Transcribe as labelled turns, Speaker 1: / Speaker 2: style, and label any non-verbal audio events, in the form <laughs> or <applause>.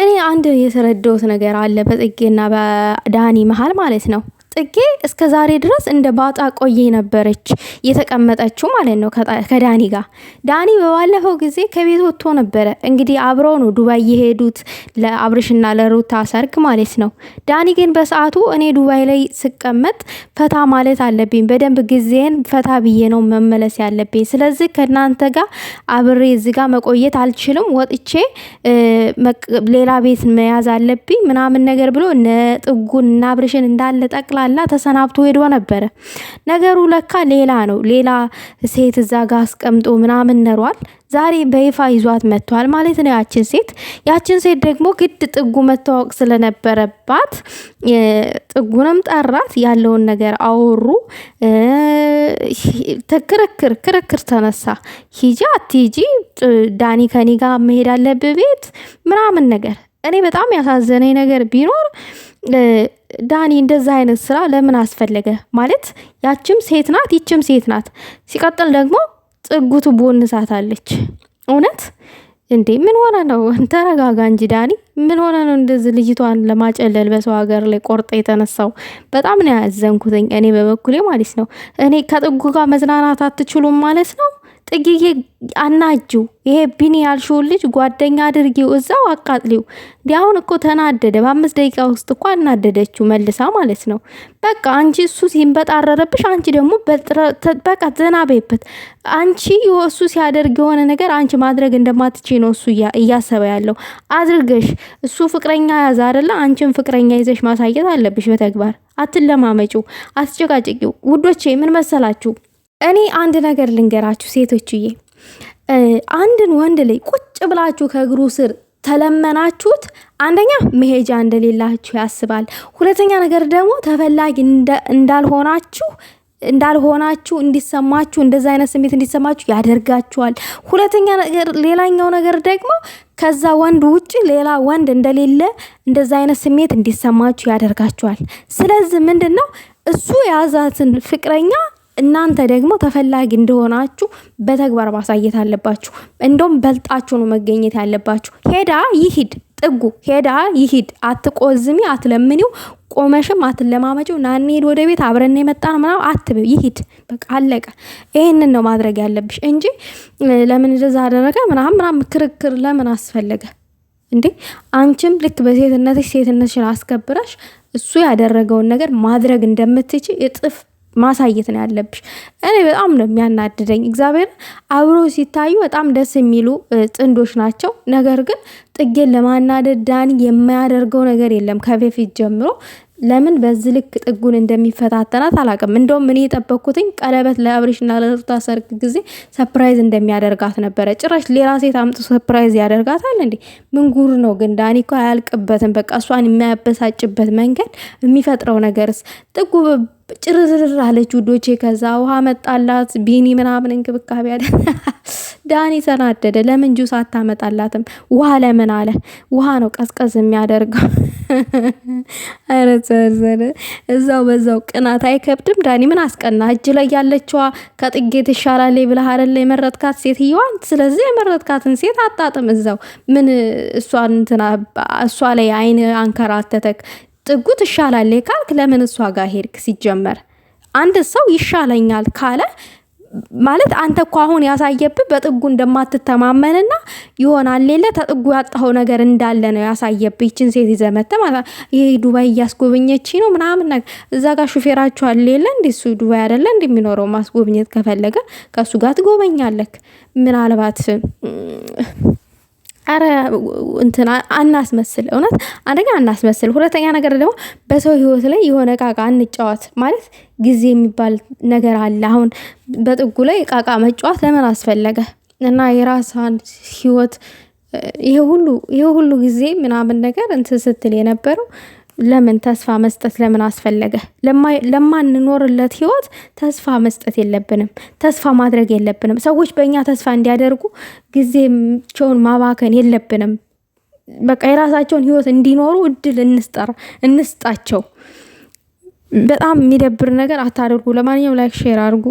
Speaker 1: እኔ አንድ የተረዳሁት ነገር አለ በጽጌና በዳኒ መሀል ማለት ነው። ጽጌ እስከ ዛሬ ድረስ እንደ ባጣ ቆየ ነበረች የተቀመጠችው ማለት ነው ከዳኒ ጋር። ዳኒ በባለፈው ጊዜ ከቤት ወጥቶ ነበረ። እንግዲህ አብረው ነው ዱባይ የሄዱት ለአብርሽና ለሩታ ሰርግ ማለት ነው። ዳኒ ግን በሰዓቱ እኔ ዱባይ ላይ ስቀመጥ ፈታ ማለት አለብኝ፣ በደንብ ጊዜን ፈታ ብዬ ነው መመለስ ያለብኝ። ስለዚህ ከእናንተ ጋር አብሬ እዚ ጋር መቆየት አልችልም፣ ወጥቼ ሌላ ቤት መያዝ አለብኝ ምናምን ነገር ብሎ ነጥጉን እና አብርሽን እንዳለ ጠቅላ ተጣላ፣ ተሰናብቶ ሄዶ ነበረ። ነገሩ ለካ ሌላ ነው። ሌላ ሴት እዛ ጋር አስቀምጦ ምናምን ነሯል። ዛሬ በይፋ ይዟት መጥቷል ማለት ነው። ያችን ሴት ያችን ሴት ደግሞ ግድ ጥጉ መታወቅ ስለነበረባት ጥጉንም ጠራት። ያለውን ነገር አወሩ። ክርክር ክርክር ተነሳ። ሂጂ አትሂጂ፣ ዳኒ ከኔ ጋር መሄድ አለብህ ቤት ምናምን ነገር እኔ በጣም ያሳዘነኝ ነገር ቢኖር ዳኒ እንደዛ አይነት ስራ ለምን አስፈለገ? ማለት ያችም ሴት ናት፣ ይችም ሴት ናት። ሲቀጥል ደግሞ ጽጉቱ ቦንሳት እውነት እንዴ! ምን ሆነ ነው? ተረጋጋ እንጂ ዳኒ፣ ምን ሆነ ነው እንደዚህ ልጅቷን ለማጨለል በሰው ሀገር ላይ ቆርጠ የተነሳው? በጣም ነው ያዘንኩትኝ እኔ በበኩሌ ማለት ነው። እኔ ከጥጉ ጋር መዝናናት አትችሉም ማለት ነው። ጥጊዬ አናጅው ይሄ ቢኒ ያልሽውን ልጅ ጓደኛ አድርጊው፣ እዛው አቃጥሊው። እንዲያሁን እኮ ተናደደ። በአምስት ደቂቃ ውስጥ እኮ አናደደችው መልሳ ማለት ነው። በቃ አንቺ እሱ ሲንበጣረረብሽ፣ አንቺ ደግሞ በቃ ዘናበይበት። አንቺ እሱ ሲያደርግ የሆነ ነገር አንቺ ማድረግ እንደማትች ነው እሱ እያሰበ ያለው። አድርገሽ እሱ ፍቅረኛ ያዘ አደለ፣ አንቺን ፍቅረኛ ይዘሽ ማሳየት አለብሽ በተግባር። አትለማመጩ፣ አትጨቃጭቂው። ውዶቼ ምን መሰላችሁ እኔ አንድ ነገር ልንገራችሁ ሴቶችዬ፣ አንድን ወንድ ላይ ቁጭ ብላችሁ ከእግሩ ስር ተለመናችሁት አንደኛ መሄጃ እንደሌላችሁ ያስባል። ሁለተኛ ነገር ደግሞ ተፈላጊ እንዳልሆናችሁ እንዳልሆናችሁ እንዲሰማችሁ እንደዚ አይነት ስሜት እንዲሰማችሁ ያደርጋችኋል። ሁለተኛ ነገር ሌላኛው ነገር ደግሞ ከዛ ወንድ ውጭ ሌላ ወንድ እንደሌለ እንደዚ አይነት ስሜት እንዲሰማችሁ ያደርጋችኋል። ስለዚህ ምንድን ነው እሱ የያዛትን ፍቅረኛ እናንተ ደግሞ ተፈላጊ እንደሆናችሁ በተግባር ማሳየት አለባችሁ። እንደውም በልጣችሁ ነው መገኘት ያለባችሁ። ሄዳ ይሂድ ጥጉ ሄዳ ይሂድ። አትቆዝሚ፣ አትለምኒው፣ ቆመሽም አትለማመጪው። ና እንሂድ ወደ ቤት አብረን የመጣን ምናምን አትበይው። ይሂድ በቃ አለቀ። ይህንን ነው ማድረግ ያለብሽ እንጂ ለምን እንደዛ አደረገ ምናምን ምናምን ክርክር ለምን አስፈለገ እንዴ? አንቺም ልክ በሴትነትሽ ሴትነትሽን አስከብረሽ እሱ ያደረገውን ነገር ማድረግ እንደምትችል እጥፍ ማሳየት ነው ያለብሽ። እኔ በጣም ነው የሚያናድደኝ እግዚአብሔር። አብሮ ሲታዩ በጣም ደስ የሚሉ ጥንዶች ናቸው። ነገር ግን ጥጌን ለማናደድ ዳኒ የማያደርገው ነገር የለም ከበፊት ጀምሮ ለምን በዚህ ልክ ጥጉን እንደሚፈታተናት አላቅም እንደውም እኔ የጠበቅኩትኝ ቀለበት ለአብሬሽና ለሩታ ሰርግ ጊዜ ሰፕራይዝ እንደሚያደርጋት ነበረ። ጭራሽ ሌላ ሴት አምጡ ሰፕራይዝ ያደርጋታል እንዴ! ምን ጉር ነው ግን? ዳኒ እኮ አያልቅበትም። በቃ እሷን የሚያበሳጭበት መንገድ የሚፈጥረው ነገርስ ጥጉ ጭርዝርር አለች ውዶቼ። ከዛ ውሃ መጣላት ቢኒ ምናምን እንክብካቤ ያደ ዳኒ ተናደደ። ለምን ጁስ አታመጣላትም? ውሃ ለምን አለ። ውሃ ነው ቀዝቀዝ የሚያደርገው። <laughs> ኧረ ዘርዘር እዛው በዛው ቅናት አይከብድም? ዳኒ ምን አስቀና? እጅ ላይ ያለችዋ ከጥጌ ትሻላለች ብለህ አይደለ የመረጥካት ሴትዮዋን። ስለዚህ የመረጥካትን ሴት አጣጥም። እዛው ምን እሷን እንትና እሷ ላይ አይን አንከራተተክ። ጥጉ ትሻላለች ካልክ ለምን እሷ ጋር ሄድክ? ሲጀመር አንድ ሰው ይሻለኛል ካለ ማለት አንተ እኮ አሁን ያሳየብህ በጥጉ እንደማትተማመንና ይሆናል ሌለ ተጥጉ ያጣኸው ነገር እንዳለ ነው ያሳየብህ። ይችን ሴት ይዘህ መተህ ማለት ይሄ ዱባይ እያስጎብኘች ነው ምናምን ነገር እዛ ጋር ሹፌራችኋል ሌለ እንዴ? እሱ ዱባይ አይደለ እንደሚኖረው ማስጎብኘት ከፈለገ ከእሱ ጋር ትጎበኛለክ ምናልባት አረ እንትን አናስመስል፣ እውነት አንደኛ አናስመስል፣ ሁለተኛ ነገር ደግሞ በሰው ህይወት ላይ የሆነ ቃቃ እንጫወት ማለት ጊዜ የሚባል ነገር አለ። አሁን በጥጉ ላይ ቃቃ መጫወት ለምን አስፈለገ? እና የራሳን ህይወት ይሄ ሁሉ ይሄ ሁሉ ጊዜ ምናምን ነገር እንትን ስትል የነበረው ለምን ተስፋ መስጠት ለምን አስፈለገ? ለማንኖርለት ህይወት ተስፋ መስጠት የለብንም። ተስፋ ማድረግ የለብንም። ሰዎች በእኛ ተስፋ እንዲያደርጉ ጊዜቸውን ማባከን የለብንም። በቃ የራሳቸውን ህይወት እንዲኖሩ እድል እንስጣቸው። በጣም የሚደብር ነገር አታደርጉ ለማንኛውም ላይክ ሼር አድርጉ።